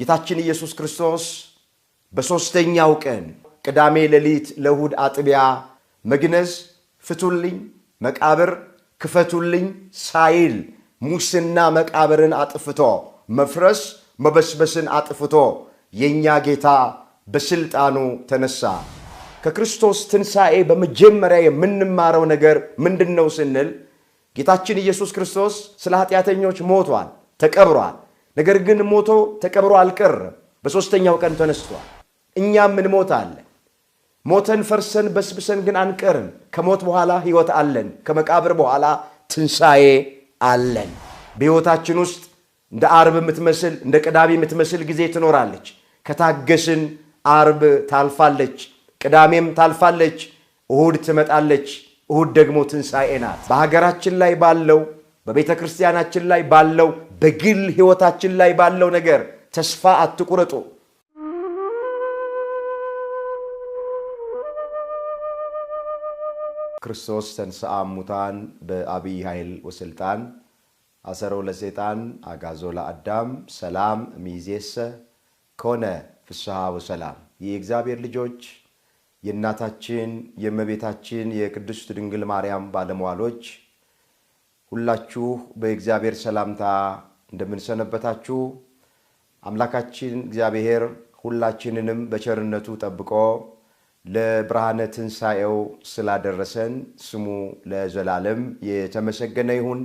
ጌታችን ኢየሱስ ክርስቶስ በሦስተኛው ቀን ቅዳሜ ሌሊት ለእሁድ አጥቢያ መግነዝ ፍቱልኝ፣ መቃብር ክፈቱልኝ ሳይል ሙስና መቃብርን አጥፍቶ መፍረስ መበስበስን አጥፍቶ የእኛ ጌታ በሥልጣኑ ተነሳ። ከክርስቶስ ትንሣኤ በመጀመሪያ የምንማረው ነገር ምንድን ነው ስንል ጌታችን ኢየሱስ ክርስቶስ ስለ ኃጢአተኞች ሞቷል፣ ተቀብሯል ነገር ግን ሞቶ ተቀብሮ አልቀረም፣ በሦስተኛው ቀን ተነስቷል። እኛም እንሞታለን። ሞተን ፈርሰን በስብሰን ግን አንቀርም። ከሞት በኋላ ሕይወት አለን። ከመቃብር በኋላ ትንሣኤ አለን። በሕይወታችን ውስጥ እንደ አርብ የምትመስል እንደ ቅዳሜ የምትመስል ጊዜ ትኖራለች። ከታገስን አርብ ታልፋለች፣ ቅዳሜም ታልፋለች፣ እሁድ ትመጣለች። እሁድ ደግሞ ትንሣኤ ናት። በሀገራችን ላይ ባለው በቤተ ክርስቲያናችን ላይ ባለው በግል ሕይወታችን ላይ ባለው ነገር ተስፋ አትቁረጡ። ክርስቶስ ተንሥአ እሙታን በአብይ ኃይል ወስልጣን አሰሮ ለሴጣን አጋዞ ለአዳም ሰላም ሚዜሰ ከሆነ ፍስሐ ወሰላም። የእግዚአብሔር ልጆች የእናታችን የእመቤታችን የቅድስት ድንግል ማርያም ባለሟሎች ሁላችሁ በእግዚአብሔር ሰላምታ እንደምንሰነበታችሁ አምላካችን እግዚአብሔር ሁላችንንም በቸርነቱ ጠብቆ ለብርሃነ ትንሣኤው ስላደረሰን ስሙ ለዘላለም የተመሰገነ ይሁን።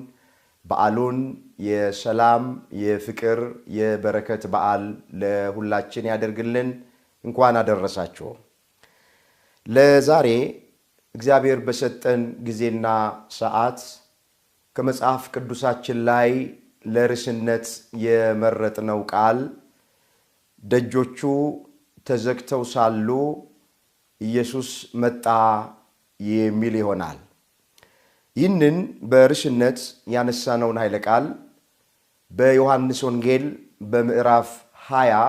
በዓሉን የሰላም የፍቅር፣ የበረከት በዓል ለሁላችን ያደርግልን። እንኳን አደረሳችሁ። ለዛሬ እግዚአብሔር በሰጠን ጊዜና ሰዓት ከመጽሐፍ ቅዱሳችን ላይ ለርዕስነት የመረጥነው ቃል ደጆቹ ተዘግተው ሳሉ ኢየሱስ መጣ የሚል ይሆናል። ይህንን በርዕስነት ያነሳነውን ኃይለ ቃል በዮሐንስ ወንጌል በምዕራፍ 20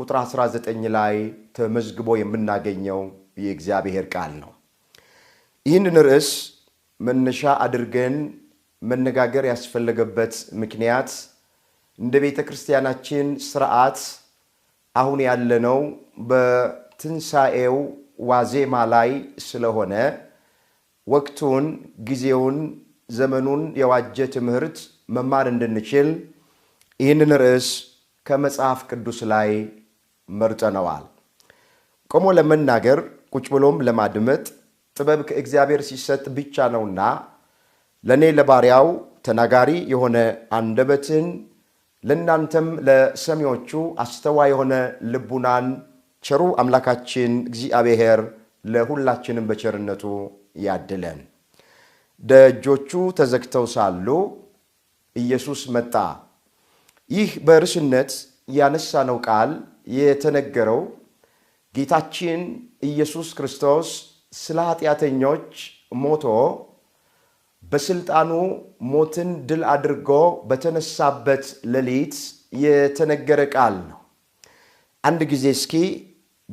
ቁጥር 19 ላይ ተመዝግቦ የምናገኘው የእግዚአብሔር ቃል ነው። ይህንን ርዕስ መነሻ አድርገን መነጋገር ያስፈለገበት ምክንያት እንደ ቤተ ክርስቲያናችን ስርዓት አሁን ያለነው በትንሣኤው ዋዜማ ላይ ስለሆነ ወቅቱን፣ ጊዜውን፣ ዘመኑን የዋጀ ትምህርት መማር እንድንችል ይህንን ርዕስ ከመጽሐፍ ቅዱስ ላይ መርጠነዋል። ቆሞ ለመናገር ቁጭ ብሎም ለማድመጥ ጥበብ ከእግዚአብሔር ሲሰጥ ብቻ ነውና ለእኔ ለባሪያው ተናጋሪ የሆነ አንደበትን ለእናንተም ለሰሚዎቹ አስተዋይ የሆነ ልቡናን ቸሩ አምላካችን እግዚአብሔር ለሁላችንም በቸርነቱ ያድለን። ደጆቹ ተዘግተው ሳሉ ኢየሱስ መጣ። ይህ በርዕስነት ያነሳነው ቃል የተነገረው ጌታችን ኢየሱስ ክርስቶስ ስለ ኃጢአተኞች ሞቶ በስልጣኑ ሞትን ድል አድርጎ በተነሳበት ሌሊት የተነገረ ቃል ነው። አንድ ጊዜ እስኪ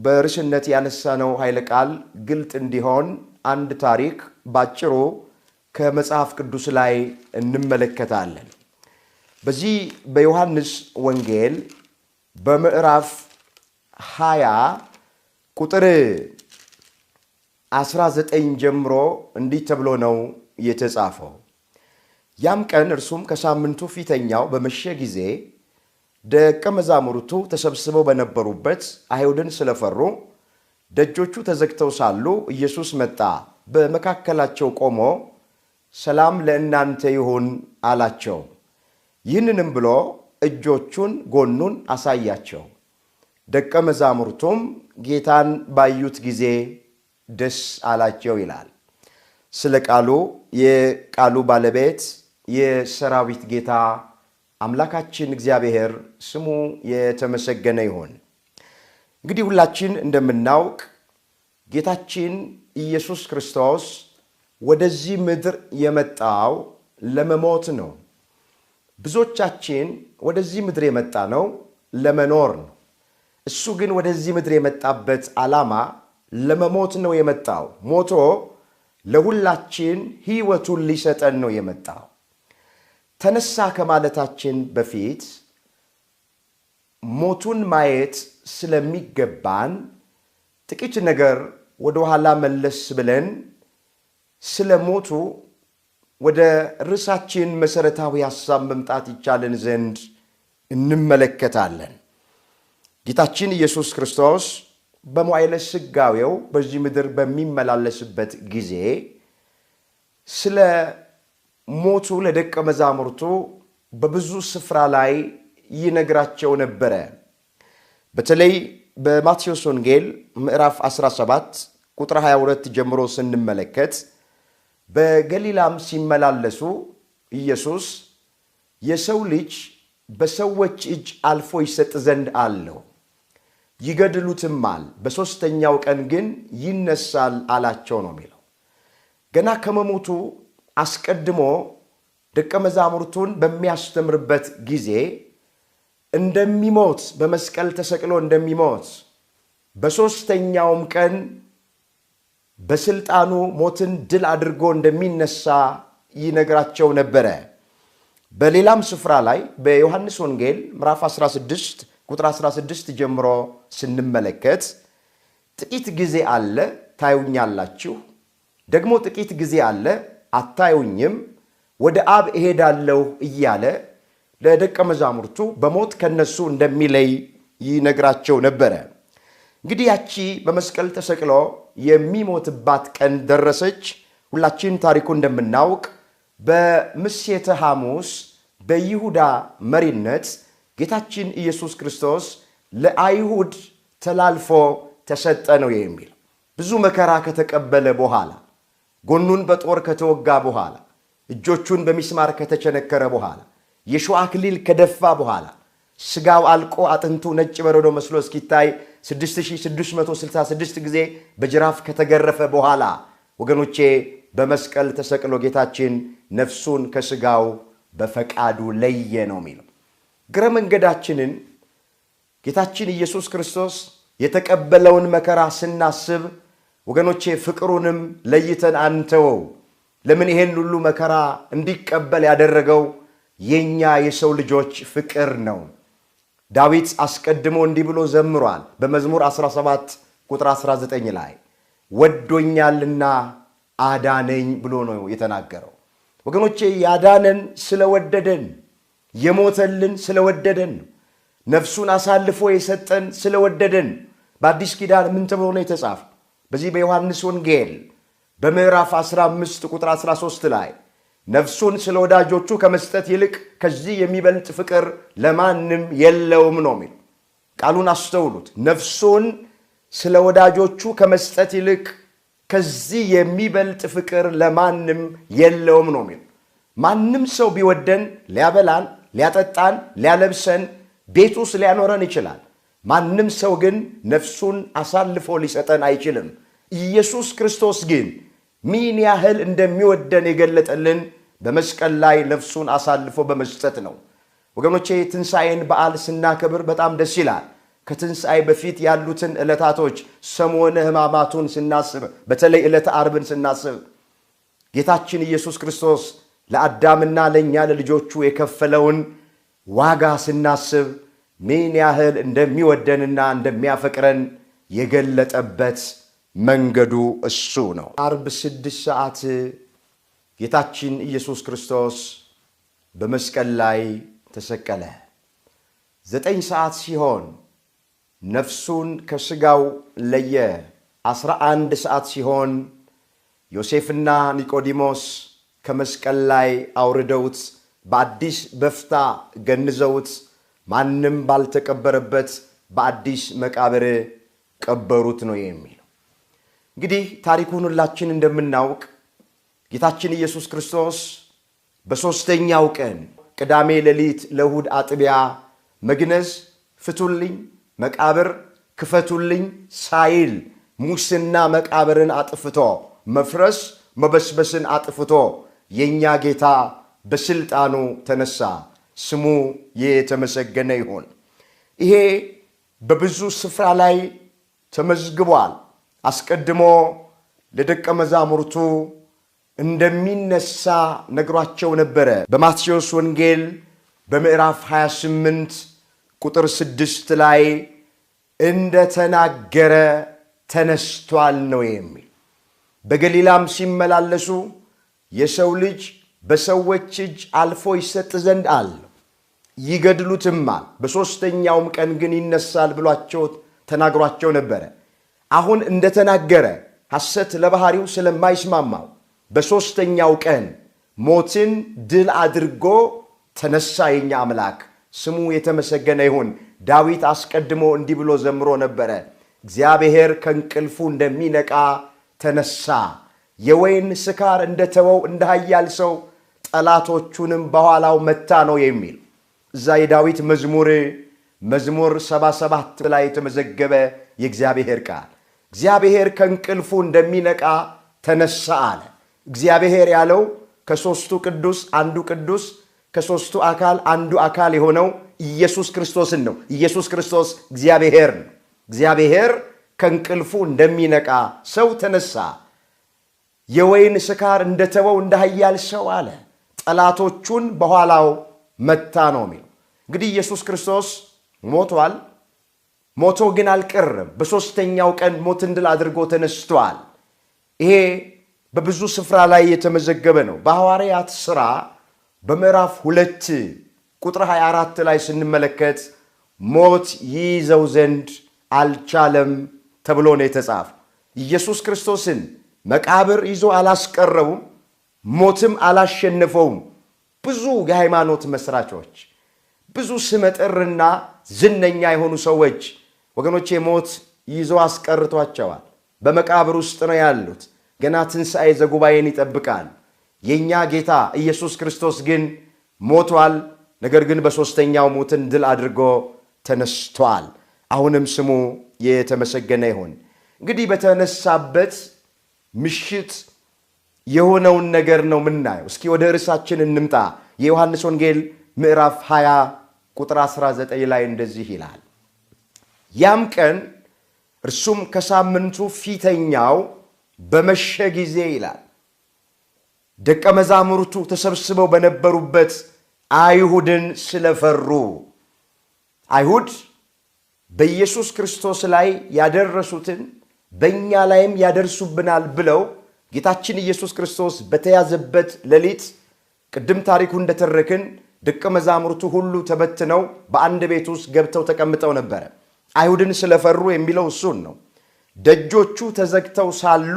በርዕስነት ያነሳነው ኃይለ ቃል ግልጥ እንዲሆን አንድ ታሪክ ባጭሩ ከመጽሐፍ ቅዱስ ላይ እንመለከታለን። በዚህ በዮሐንስ ወንጌል በምዕራፍ 20 ቁጥር 19 ጀምሮ እንዲህ ተብሎ ነው የተጻፈው። ያም ቀን እርሱም ከሳምንቱ ፊተኛው በመሸ ጊዜ ደቀ መዛሙርቱ ተሰብስበው በነበሩበት አይሁድን ስለፈሩ ደጆቹ ተዘግተው ሳሉ ኢየሱስ መጣ፣ በመካከላቸው ቆሞ ሰላም ለእናንተ ይሁን አላቸው። ይህንንም ብሎ እጆቹን ጎኑን አሳያቸው። ደቀ መዛሙርቱም ጌታን ባዩት ጊዜ ደስ አላቸው ይላል። ስለ ቃሉ የቃሉ ባለቤት የሰራዊት ጌታ አምላካችን እግዚአብሔር ስሙ የተመሰገነ ይሆን እንግዲህ ሁላችን እንደምናውቅ ጌታችን ኢየሱስ ክርስቶስ ወደዚህ ምድር የመጣው ለመሞት ነው። ብዙዎቻችን ወደዚህ ምድር የመጣ ነው ለመኖር ነው። እሱ ግን ወደዚህ ምድር የመጣበት ዓላማ ለመሞት ነው የመጣው ሞቶ ለሁላችን ህይወቱን ሊሰጠን ነው የመጣው። ተነሳ ከማለታችን በፊት ሞቱን ማየት ስለሚገባን ጥቂት ነገር ወደ ኋላ መለስ ብለን ስለ ሞቱ ወደ ርዕሳችን መሠረታዊ ሐሳብ መምጣት ይቻለን ዘንድ እንመለከታለን። ጌታችን ኢየሱስ ክርስቶስ በመዋዕለ ሥጋዌው በዚህ ምድር በሚመላለስበት ጊዜ ስለ ሞቱ ለደቀ መዛሙርቱ በብዙ ስፍራ ላይ ይነግራቸው ነበረ። በተለይ በማቴዎስ ወንጌል ምዕራፍ 17 ቁጥር 22 ጀምሮ ስንመለከት በገሊላም ሲመላለሱ ኢየሱስ የሰው ልጅ በሰዎች እጅ አልፎ ይሰጥ ዘንድ አለው ይገድሉትማል፣ በሦስተኛው ቀን ግን ይነሳል አላቸው ነው የሚለው። ገና ከመሞቱ አስቀድሞ ደቀ መዛሙርቱን በሚያስተምርበት ጊዜ እንደሚሞት በመስቀል ተሰቅሎ እንደሚሞት በሦስተኛውም ቀን በስልጣኑ ሞትን ድል አድርጎ እንደሚነሳ ይነግራቸው ነበረ። በሌላም ስፍራ ላይ በዮሐንስ ወንጌል ምዕራፍ 16 ቁጥር 16 ጀምሮ ስንመለከት ጥቂት ጊዜ አለ ታዩኛላችሁ፣ ደግሞ ጥቂት ጊዜ አለ አታዩኝም፣ ወደ አብ እሄዳለሁ እያለ ለደቀ መዛሙርቱ በሞት ከነሱ እንደሚለይ ይነግራቸው ነበረ። እንግዲህ ያቺ በመስቀል ተሰቅሎ የሚሞትባት ቀን ደረሰች። ሁላችን ታሪኩ እንደምናውቅ በምሴተ ሐሙስ በይሁዳ መሪነት ጌታችን ኢየሱስ ክርስቶስ ለአይሁድ ተላልፎ ተሰጠ ነው የሚል ብዙ መከራ ከተቀበለ በኋላ ጎኑን በጦር ከተወጋ በኋላ እጆቹን በሚስማር ከተቸነከረ በኋላ የሾህ አክሊል ከደፋ በኋላ ስጋው አልቆ አጥንቱ ነጭ በረዶ መስሎ እስኪታይ 6666 ጊዜ በጅራፍ ከተገረፈ በኋላ ወገኖቼ በመስቀል ተሰቅሎ ጌታችን ነፍሱን ከስጋው በፈቃዱ ለየ ነው የሚለው። ግረ መንገዳችንን ጌታችን ኢየሱስ ክርስቶስ የተቀበለውን መከራ ስናስብ ወገኖቼ ፍቅሩንም ለይተን አንተወው። ለምን ይሄን ሁሉ መከራ እንዲቀበል ያደረገው የእኛ የሰው ልጆች ፍቅር ነው። ዳዊት አስቀድሞ እንዲህ ብሎ ዘምሯል በመዝሙር 17 ቁጥር 19 ላይ ወዶኛልና አዳነኝ ብሎ ነው የተናገረው። ወገኖቼ ያዳነን ስለወደደን የሞተልን ስለወደደን ነው። ነፍሱን አሳልፎ የሰጠን ስለወደደን። በአዲስ ኪዳን ምን ተብሎ ነው የተጻፈ? በዚህ በዮሐንስ ወንጌል በምዕራፍ 15 ቁጥር 13 ላይ ነፍሱን ስለ ወዳጆቹ ከመስጠት ይልቅ ከዚህ የሚበልጥ ፍቅር ለማንም የለውም ነው የሚል ቃሉን አስተውሉት። ነፍሱን ስለ ወዳጆቹ ከመስጠት ይልቅ ከዚህ የሚበልጥ ፍቅር ለማንም የለውም ነው የሚል ማንም ሰው ቢወደን ሊያበላን ሊያጠጣን፣ ሊያለብሰን፣ ቤት ውስጥ ሊያኖረን ይችላል። ማንም ሰው ግን ነፍሱን አሳልፎ ሊሰጠን አይችልም። ኢየሱስ ክርስቶስ ግን ምን ያህል እንደሚወደን የገለጠልን በመስቀል ላይ ነፍሱን አሳልፎ በመስጠት ነው። ወገኖቼ ትንሣኤን በዓል ስናከብር በጣም ደስ ይላል። ከትንሣኤ በፊት ያሉትን ዕለታቶች ሰሞነ ሕማማቱን ስናስብ፣ በተለይ ዕለተ አርብን ስናስብ ጌታችን ኢየሱስ ክርስቶስ ለአዳምና ለእኛ ለልጆቹ የከፈለውን ዋጋ ስናስብ ምን ያህል እንደሚወደንና እንደሚያፈቅረን የገለጠበት መንገዱ እሱ ነው። አርብ ስድስት ሰዓት ጌታችን ኢየሱስ ክርስቶስ በመስቀል ላይ ተሰቀለ። ዘጠኝ ሰዓት ሲሆን ነፍሱን ከሥጋው ለየ። አስራ አንድ ሰዓት ሲሆን ዮሴፍና ኒቆዲሞስ ከመስቀል ላይ አውርደውት በአዲስ በፍታ ገንዘውት ማንም ባልተቀበረበት በአዲስ መቃብር ቀበሩት ነው የሚለው። እንግዲህ ታሪኩን ሁላችን እንደምናውቅ ጌታችን ኢየሱስ ክርስቶስ በሦስተኛው ቀን ቅዳሜ ሌሊት ለእሁድ አጥቢያ መግነዝ ፍቱልኝ፣ መቃብር ክፈቱልኝ ሳይል ሙስና መቃብርን አጥፍቶ መፍረስ መበስበስን አጥፍቶ የእኛ ጌታ በስልጣኑ ተነሳ፣ ስሙ የተመሰገነ ይሁን። ይሄ በብዙ ስፍራ ላይ ተመዝግቧል። አስቀድሞ ለደቀ መዛሙርቱ እንደሚነሳ ነግሯቸው ነበረ። በማቴዎስ ወንጌል በምዕራፍ 28 ቁጥር 6 ላይ እንደተናገረ ተነስቷል ነው የሚል። በገሊላም ሲመላለሱ የሰው ልጅ በሰዎች እጅ አልፎ ይሰጥ ዘንድ አለ፣ ይገድሉትማል፣ በሦስተኛውም ቀን ግን ይነሳል ብሏቸው ተናግሯቸው ነበረ። አሁን እንደተናገረ ሐሰት ለባሕሪው ስለማይስማማው በሦስተኛው ቀን ሞትን ድል አድርጎ ተነሳ። የኛ አምላክ ስሙ የተመሰገነ ይሁን። ዳዊት አስቀድሞ እንዲህ ብሎ ዘምሮ ነበረ፣ እግዚአብሔር ከእንቅልፉ እንደሚነቃ ተነሳ የወይን ስካር እንደተወው እንደ ሰው ጠላቶቹንም በኋላው መታ ነው የሚል እዛ የዳዊት መዝሙር መዝሙር 77 ላይ የተመዘገበ የእግዚአብሔር ቃል እግዚአብሔር ከእንቅልፉ እንደሚነቃ ተነሳ አለ። እግዚአብሔር ያለው ከሦስቱ ቅዱስ አንዱ ቅዱስ ከሦስቱ አካል አንዱ አካል የሆነው ኢየሱስ ክርስቶስን ነው። ኢየሱስ ክርስቶስ እግዚአብሔር ነው። እግዚአብሔር ከእንቅልፉ እንደሚነቃ ሰው ተነሳ የወይን ስካር እንደተወው እንደ ኃያል ሰው አለ፣ ጠላቶቹን በኋላው መታ ነው የሚለው። እንግዲህ ኢየሱስ ክርስቶስ ሞቷል። ሞቶ ግን አልቀርም። በሦስተኛው ቀን ሞትን ድል አድርጎ ተነስቷል። ይሄ በብዙ ስፍራ ላይ የተመዘገበ ነው። በሐዋርያት ሥራ በምዕራፍ ሁለት ቁጥር 24 ላይ ስንመለከት ሞት ይይዘው ዘንድ አልቻለም ተብሎ ነው የተጻፈ ኢየሱስ ክርስቶስን መቃብር ይዞ አላስቀረውም፣ ሞትም አላሸነፈውም። ብዙ የሃይማኖት መስራቾች፣ ብዙ ስመጥርና ዝነኛ የሆኑ ሰዎች ወገኖቼ ሞት ይዞ አስቀርቷቸዋል። በመቃብር ውስጥ ነው ያሉት። ገና ትንሣኤ ዘጉባኤን ይጠብቃል። የእኛ ጌታ ኢየሱስ ክርስቶስ ግን ሞቷል። ነገር ግን በሦስተኛው ሞትን ድል አድርጎ ተነስቷል። አሁንም ስሙ የተመሰገነ ይሁን። እንግዲህ በተነሳበት ምሽት የሆነውን ነገር ነው የምናየው። እስኪ ወደ ርዕሳችን እንምጣ። የዮሐንስ ወንጌል ምዕራፍ 20 ቁጥር 19 ላይ እንደዚህ ይላል፣ ያም ቀን እርሱም ከሳምንቱ ፊተኛው በመሸ ጊዜ ይላል ደቀ መዛሙርቱ ተሰብስበው በነበሩበት አይሁድን ስለፈሩ አይሁድ በኢየሱስ ክርስቶስ ላይ ያደረሱትን በእኛ ላይም ያደርሱብናል ብለው ጌታችን ኢየሱስ ክርስቶስ በተያዘበት ሌሊት ቅድም ታሪኩ እንደተረክን ደቀ መዛሙርቱ ሁሉ ተበትነው በአንድ ቤት ውስጥ ገብተው ተቀምጠው ነበረ። አይሁድን ስለፈሩ የሚለው እሱን ነው። ደጆቹ ተዘግተው ሳሉ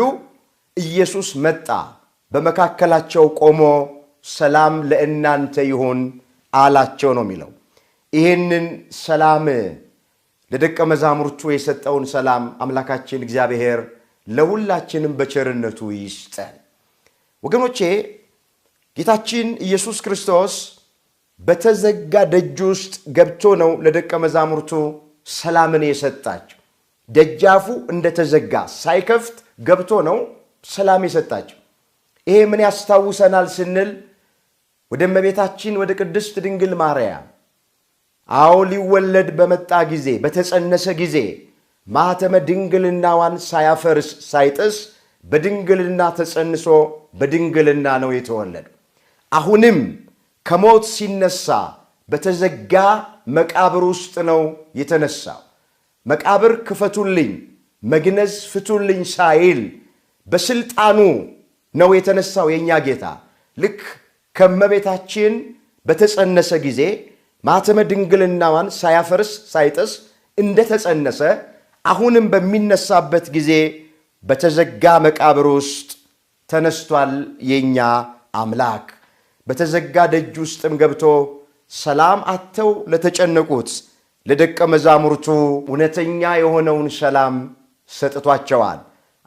ኢየሱስ መጣ፣ በመካከላቸው ቆሞ ሰላም ለእናንተ ይሁን አላቸው ነው የሚለው። ይህንን ሰላም ለደቀ መዛሙርቱ የሰጠውን ሰላም አምላካችን እግዚአብሔር ለሁላችንም በቸርነቱ ይስጠን። ወገኖቼ ጌታችን ኢየሱስ ክርስቶስ በተዘጋ ደጅ ውስጥ ገብቶ ነው ለደቀ መዛሙርቱ ሰላምን የሰጣቸው። ደጃፉ እንደተዘጋ ሳይከፍት ገብቶ ነው ሰላም የሰጣቸው። ይሄ ምን ያስታውሰናል ስንል ወደ እመቤታችን ወደ ቅድስት ድንግል ማርያም አዎ ሊወለድ በመጣ ጊዜ በተጸነሰ ጊዜ ማኅተመ ድንግልናዋን ሳያፈርስ ሳይጥስ በድንግልና ተጸንሶ በድንግልና ነው የተወለደ አሁንም ከሞት ሲነሳ በተዘጋ መቃብር ውስጥ ነው የተነሳው። መቃብር ክፈቱልኝ፣ መግነዝ ፍቱልኝ ሳይል በስልጣኑ ነው የተነሳው የእኛ ጌታ ልክ ከመቤታችን በተጸነሰ ጊዜ ማተመ ድንግልናዋን ሳያፈርስ ሳይጥስ እንደተጸነሰ አሁንም በሚነሳበት ጊዜ በተዘጋ መቃብር ውስጥ ተነስቷል። የእኛ አምላክ በተዘጋ ደጅ ውስጥም ገብቶ ሰላም አተው ለተጨነቁት ለደቀ መዛሙርቱ እውነተኛ የሆነውን ሰላም ሰጥቷቸዋል።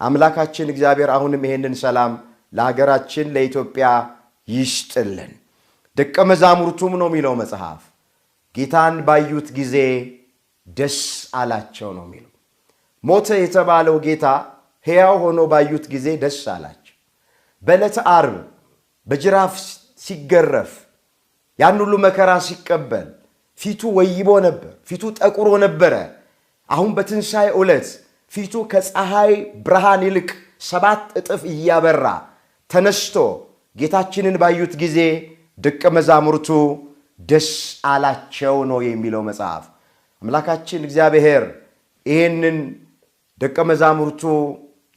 አምላካችን እግዚአብሔር አሁንም ይሄንን ሰላም ለሀገራችን ለኢትዮጵያ ይስጥልን። ደቀ መዛሙርቱም ነው የሚለው መጽሐፍ ጌታን ባዩት ጊዜ ደስ አላቸው ነው የሚለው። ሞተ የተባለው ጌታ ሕያው ሆኖ ባዩት ጊዜ ደስ አላቸው። በዕለተ ዓርብ በጅራፍ ሲገረፍ ያን ሁሉ መከራ ሲቀበል ፊቱ ወይቦ ነበር፣ ፊቱ ጠቁሮ ነበረ። አሁን በትንሣኤ ዕለት ፊቱ ከፀሐይ ብርሃን ይልቅ ሰባት እጥፍ እያበራ ተነስቶ ጌታችንን ባዩት ጊዜ ደቀ መዛሙርቱ ደስ አላቸው ነው የሚለው መጽሐፍ። አምላካችን እግዚአብሔር ይህንን ደቀ መዛሙርቱ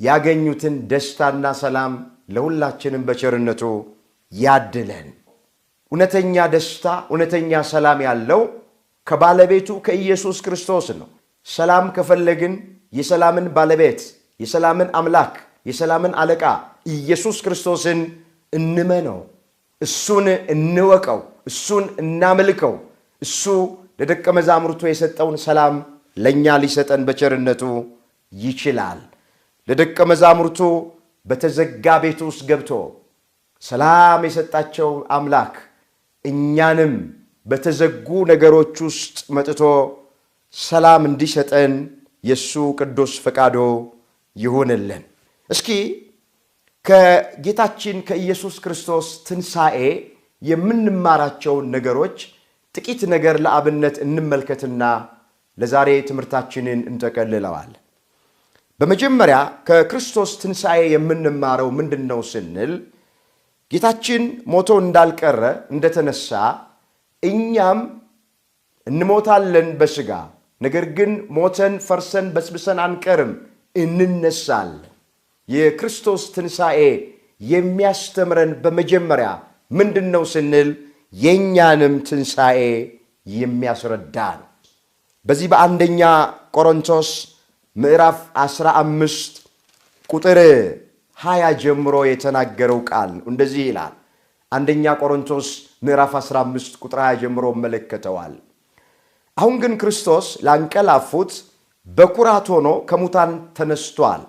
ያገኙትን ደስታና ሰላም ለሁላችንም በቸርነቱ ያድለን። እውነተኛ ደስታ፣ እውነተኛ ሰላም ያለው ከባለቤቱ ከኢየሱስ ክርስቶስ ነው። ሰላም ከፈለግን የሰላምን ባለቤት፣ የሰላምን አምላክ፣ የሰላምን አለቃ ኢየሱስ ክርስቶስን እንመነው። እሱን እንወቀው፣ እሱን እናምልከው። እሱ ለደቀ መዛሙርቱ የሰጠውን ሰላም ለእኛ ሊሰጠን በቸርነቱ ይችላል። ለደቀ መዛሙርቱ በተዘጋ ቤት ውስጥ ገብቶ ሰላም የሰጣቸው አምላክ እኛንም በተዘጉ ነገሮች ውስጥ መጥቶ ሰላም እንዲሰጠን የእሱ ቅዱስ ፈቃዶ ይሁንልን። እስኪ ከጌታችን ከኢየሱስ ክርስቶስ ትንሣኤ የምንማራቸው ነገሮች ጥቂት ነገር ለአብነት እንመልከትና ለዛሬ ትምህርታችንን እንጠቀልለዋል። በመጀመሪያ ከክርስቶስ ትንሣኤ የምንማረው ምንድን ነው ስንል ጌታችን ሞቶ እንዳልቀረ እንደተነሳ እኛም እንሞታለን በሥጋ ነገር ግን ሞተን ፈርሰን በስብሰን አንቀርም፣ እንነሳለን። የክርስቶስ ትንሣኤ የሚያስተምረን በመጀመሪያ ምንድን ነው ስንል የእኛንም ትንሣኤ የሚያስረዳ ነው። በዚህ በአንደኛ ቆሮንቶስ ምዕራፍ 15 ቁጥር 20 ጀምሮ የተናገረው ቃል እንደዚህ ይላል። አንደኛ ቆሮንቶስ ምዕራፍ 15 ቁጥር 20 ጀምሮ መለከተዋል አሁን ግን ክርስቶስ ላንቀላፉት በኩራት ሆኖ ከሙታን ተነስቷል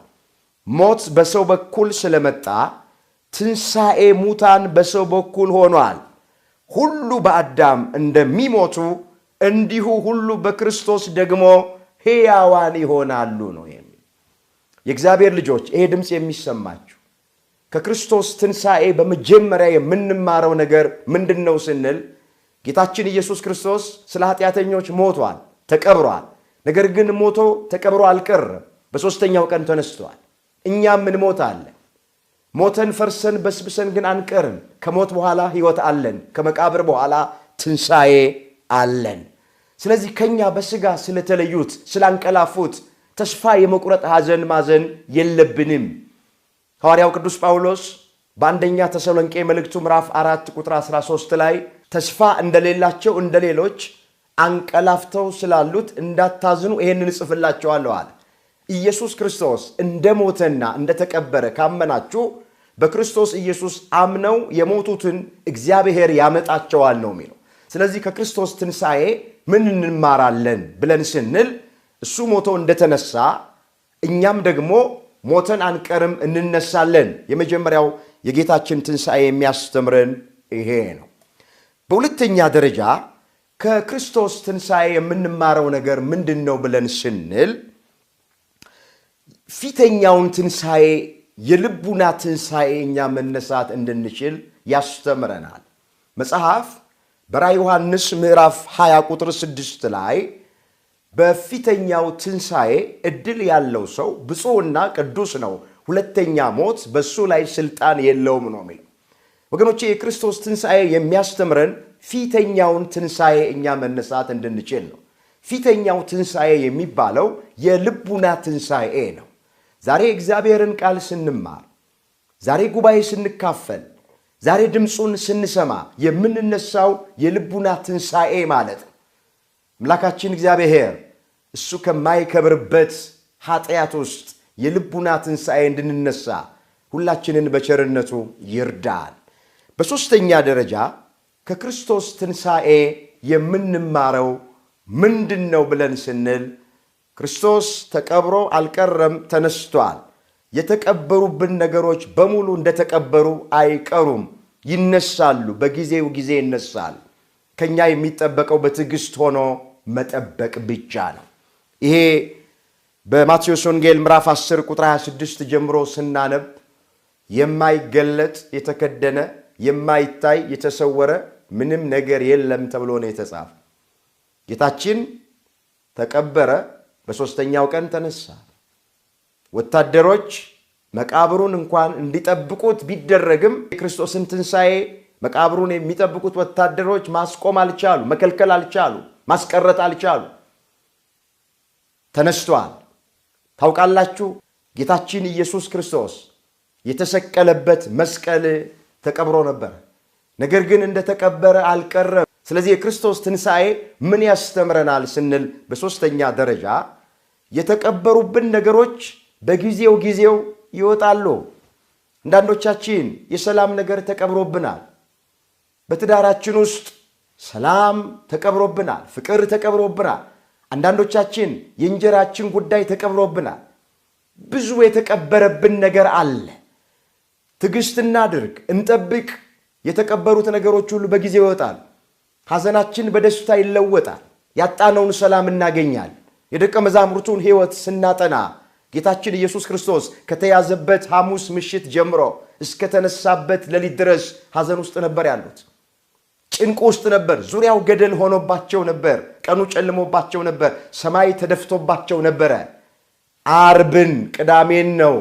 ሞት በሰው በኩል ስለመጣ ትንሣኤ ሙታን በሰው በኩል ሆኗል። ሁሉ በአዳም እንደሚሞቱ እንዲሁ ሁሉ በክርስቶስ ደግሞ ሕያዋን ይሆናሉ ነው የሚል። የእግዚአብሔር ልጆች ይሄ ድምፅ የሚሰማችሁ ከክርስቶስ ትንሣኤ በመጀመሪያ የምንማረው ነገር ምንድን ነው ስንል ጌታችን ኢየሱስ ክርስቶስ ስለ ኃጢአተኞች ሞቷል፣ ተቀብሯል። ነገር ግን ሞቶ ተቀብሮ አልቀርም፣ በሦስተኛው ቀን ተነስቷል። እኛም አለ። ሞተን ፈርሰን በስብሰን ግን አንቀርም። ከሞት በኋላ ሕይወት አለን። ከመቃብር በኋላ ትንሣኤ አለን። ስለዚህ ከኛ በስጋ ስለተለዩት ስላንቀላፉት ተስፋ የመቁረጥ ሐዘን ማዘን የለብንም። ሐዋርያው ቅዱስ ጳውሎስ በአንደኛ ተሰሎንቄ መልእክቱ ምዕራፍ 4 ቁጥር 13 ላይ ተስፋ እንደሌላቸው እንደሌሎች አንቀላፍተው ስላሉት እንዳታዝኑ ይሄንን እጽፍላቸዋለሁ አለ። ኢየሱስ ክርስቶስ እንደሞተና እንደተቀበረ ካመናችሁ በክርስቶስ ኢየሱስ አምነው የሞቱትን እግዚአብሔር ያመጣቸዋል ነው የሚለው። ስለዚህ ከክርስቶስ ትንሣኤ ምን እንማራለን ብለን ስንል እሱ ሞቶ እንደተነሳ እኛም ደግሞ ሞተን አንቀርም እንነሳለን። የመጀመሪያው የጌታችን ትንሣኤ የሚያስተምረን ይሄ ነው። በሁለተኛ ደረጃ ከክርስቶስ ትንሣኤ የምንማረው ነገር ምንድን ነው ብለን ስንል ፊተኛውን ትንሣኤ የልቡና ትንሣኤ እኛ መነሳት እንድንችል ያስተምረናል። መጽሐፍ በራዕየ ዮሐንስ ምዕራፍ 20 ቁጥር 6 ላይ በፊተኛው ትንሣኤ ዕድል ያለው ሰው ብፁዕና ቅዱስ ነው፣ ሁለተኛ ሞት በእሱ ላይ ሥልጣን የለውም ነው የሚለው። ወገኖቼ የክርስቶስ ትንሣኤ የሚያስተምረን ፊተኛውን ትንሣኤ እኛ መነሳት እንድንችል ነው። ፊተኛው ትንሣኤ የሚባለው የልቡና ትንሣኤ ነው። ዛሬ እግዚአብሔርን ቃል ስንማር፣ ዛሬ ጉባኤ ስንካፈል፣ ዛሬ ድምፁን ስንሰማ የምንነሳው የልቡና ትንሣኤ ማለት አምላካችን እግዚአብሔር እሱ ከማይከብርበት ኃጢአት ውስጥ የልቡና ትንሣኤ እንድንነሳ ሁላችንን በቸርነቱ ይርዳል። በሦስተኛ ደረጃ ከክርስቶስ ትንሣኤ የምንማረው ምንድን ነው ብለን ስንል ክርስቶስ ተቀብሮ አልቀረም፣ ተነስቷል። የተቀበሩብን ነገሮች በሙሉ እንደተቀበሩ አይቀሩም፣ ይነሳሉ። በጊዜው ጊዜ ይነሳል። ከኛ የሚጠበቀው በትዕግስት ሆኖ መጠበቅ ብቻ ነው። ይሄ በማቴዎስ ወንጌል ምዕራፍ 10 ቁጥር 26 ጀምሮ ስናነብ የማይገለጥ የተከደነ የማይታይ የተሰወረ ምንም ነገር የለም ተብሎ ነው የተጻፈ። ጌታችን ተቀበረ በሦስተኛው ቀን ተነሳ። ወታደሮች መቃብሩን እንኳን እንዲጠብቁት ቢደረግም የክርስቶስን ትንሣኤ መቃብሩን የሚጠብቁት ወታደሮች ማስቆም አልቻሉ፣ መከልከል አልቻሉ፣ ማስቀረት አልቻሉ። ተነስቷል። ታውቃላችሁ፣ ጌታችን ኢየሱስ ክርስቶስ የተሰቀለበት መስቀል ተቀብሮ ነበር። ነገር ግን እንደተቀበረ አልቀረም። ስለዚህ የክርስቶስ ትንሣኤ ምን ያስተምረናል ስንል በሦስተኛ ደረጃ የተቀበሩብን ነገሮች በጊዜው ጊዜው ይወጣሉ። አንዳንዶቻችን የሰላም ነገር ተቀብሮብናል። በትዳራችን ውስጥ ሰላም ተቀብሮብናል፣ ፍቅር ተቀብሮብናል። አንዳንዶቻችን የእንጀራችን ጉዳይ ተቀብሮብናል። ብዙ የተቀበረብን ነገር አለ። ትዕግሥት እናድርግ፣ እንጠብቅ። የተቀበሩት ነገሮች ሁሉ በጊዜው ይወጣል። ሐዘናችን በደስታ ይለወጣል። ያጣነውን ሰላም እናገኛል። የደቀ መዛሙርቱን ሕይወት ስናጠና ጌታችን ኢየሱስ ክርስቶስ ከተያዘበት ሐሙስ ምሽት ጀምሮ እስከተነሳበት ሌሊት ድረስ ሐዘን ውስጥ ነበር ያሉት። ጭንቅ ውስጥ ነበር። ዙሪያው ገደል ሆኖባቸው ነበር። ቀኑ ጨልሞባቸው ነበር። ሰማይ ተደፍቶባቸው ነበረ። አርብን ቅዳሜን ነው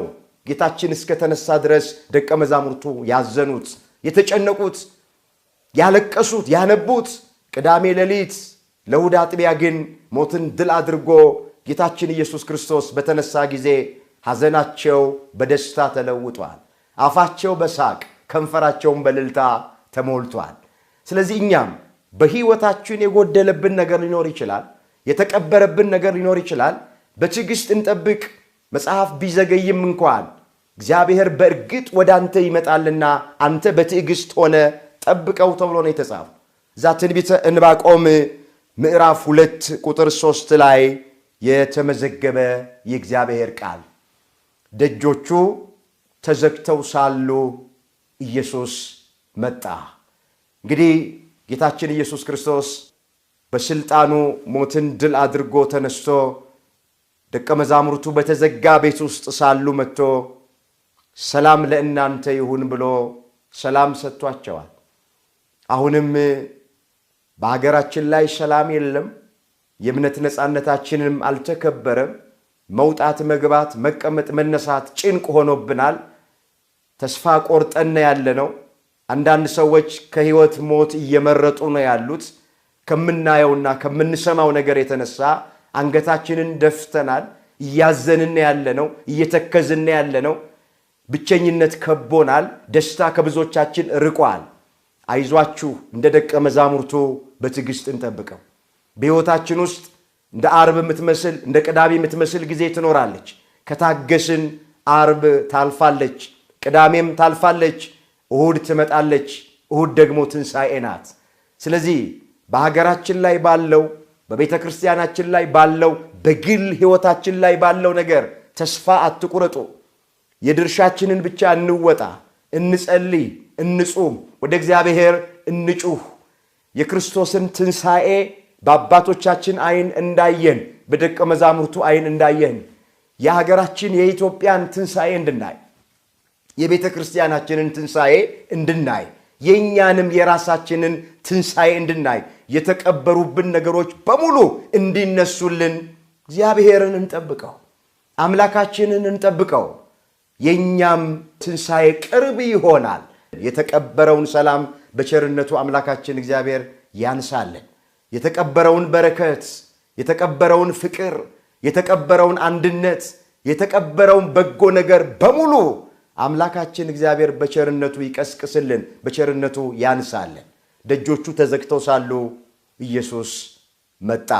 ጌታችን እስከተነሳ ድረስ ደቀ መዛሙርቱ ያዘኑት የተጨነቁት ያለቀሱት ያነቡት ቅዳሜ ሌሊት ለእሑድ አጥቢያ ግን ሞትን ድል አድርጎ ጌታችን ኢየሱስ ክርስቶስ በተነሳ ጊዜ ሐዘናቸው በደስታ ተለውጧል። አፋቸው በሳቅ ከንፈራቸውን በልልታ ተሞልቷል። ስለዚህ እኛም በሕይወታችን የጎደለብን ነገር ሊኖር ይችላል። የተቀበረብን ነገር ሊኖር ይችላል። በትዕግሥት እንጠብቅ። መጽሐፍ ቢዘገይም እንኳን እግዚአብሔር በእርግጥ ወደ አንተ ይመጣልና አንተ በትዕግሥት ሆነ ጠብቀው ተብሎ ነው የተጻፈው። እዛ ትንቢተ እንባቆም ምዕራፍ ሁለት ቁጥር ሶስት ላይ የተመዘገበ የእግዚአብሔር ቃል ደጆቹ ተዘግተው ሳሉ ኢየሱስ መጣ። እንግዲህ ጌታችን ኢየሱስ ክርስቶስ በስልጣኑ ሞትን ድል አድርጎ ተነስቶ ደቀ መዛሙርቱ በተዘጋ ቤት ውስጥ ሳሉ መጥቶ ሰላም ለእናንተ ይሁን ብሎ ሰላም ሰጥቷቸዋል። አሁንም በሀገራችን ላይ ሰላም የለም። የእምነት ነፃነታችንም አልተከበረም። መውጣት፣ መግባት፣ መቀመጥ፣ መነሳት ጭንቅ ሆኖብናል። ተስፋ ቆርጠን ያለ ነው። አንዳንድ ሰዎች ከህይወት ሞት እየመረጡ ነው ያሉት። ከምናየውና ከምንሰማው ነገር የተነሳ አንገታችንን ደፍተናል። እያዘንን ያለ ነው፣ እየተከዝን ያለ ነው። ብቸኝነት ከቦናል። ደስታ ከብዙዎቻችን ርቋል። አይዟችሁ እንደ ደቀ መዛሙርቱ በትዕግሥት እንጠብቀው። በሕይወታችን ውስጥ እንደ አርብ የምትመስል እንደ ቅዳሜ የምትመስል ጊዜ ትኖራለች። ከታገስን አርብ ታልፋለች፣ ቅዳሜም ታልፋለች፣ እሁድ ትመጣለች። እሁድ ደግሞ ትንሣኤ ናት። ስለዚህ በሀገራችን ላይ ባለው በቤተ ክርስቲያናችን ላይ ባለው በግል ሕይወታችን ላይ ባለው ነገር ተስፋ አትቁረጡ። የድርሻችንን ብቻ እንወጣ፣ እንጸልይ፣ እንጹም። ወደ እግዚአብሔር እንጩህ። የክርስቶስን ትንሣኤ በአባቶቻችን አይን እንዳየን፣ በደቀ መዛሙርቱ አይን እንዳየን የሀገራችን የኢትዮጵያን ትንሣኤ እንድናይ የቤተ ክርስቲያናችንን ትንሣኤ እንድናይ የእኛንም የራሳችንን ትንሣኤ እንድናይ የተቀበሩብን ነገሮች በሙሉ እንዲነሱልን እግዚአብሔርን እንጠብቀው፣ አምላካችንን እንጠብቀው። የእኛም ትንሣኤ ቅርብ ይሆናል። የተቀበረውን ሰላም በቸርነቱ አምላካችን እግዚአብሔር ያንሳልን። የተቀበረውን በረከት፣ የተቀበረውን ፍቅር፣ የተቀበረውን አንድነት፣ የተቀበረውን በጎ ነገር በሙሉ አምላካችን እግዚአብሔር በቸርነቱ ይቀስቅስልን፣ በቸርነቱ ያንሳልን። ደጆቹ ተዘግተው ሳሉ ኢየሱስ መጣ።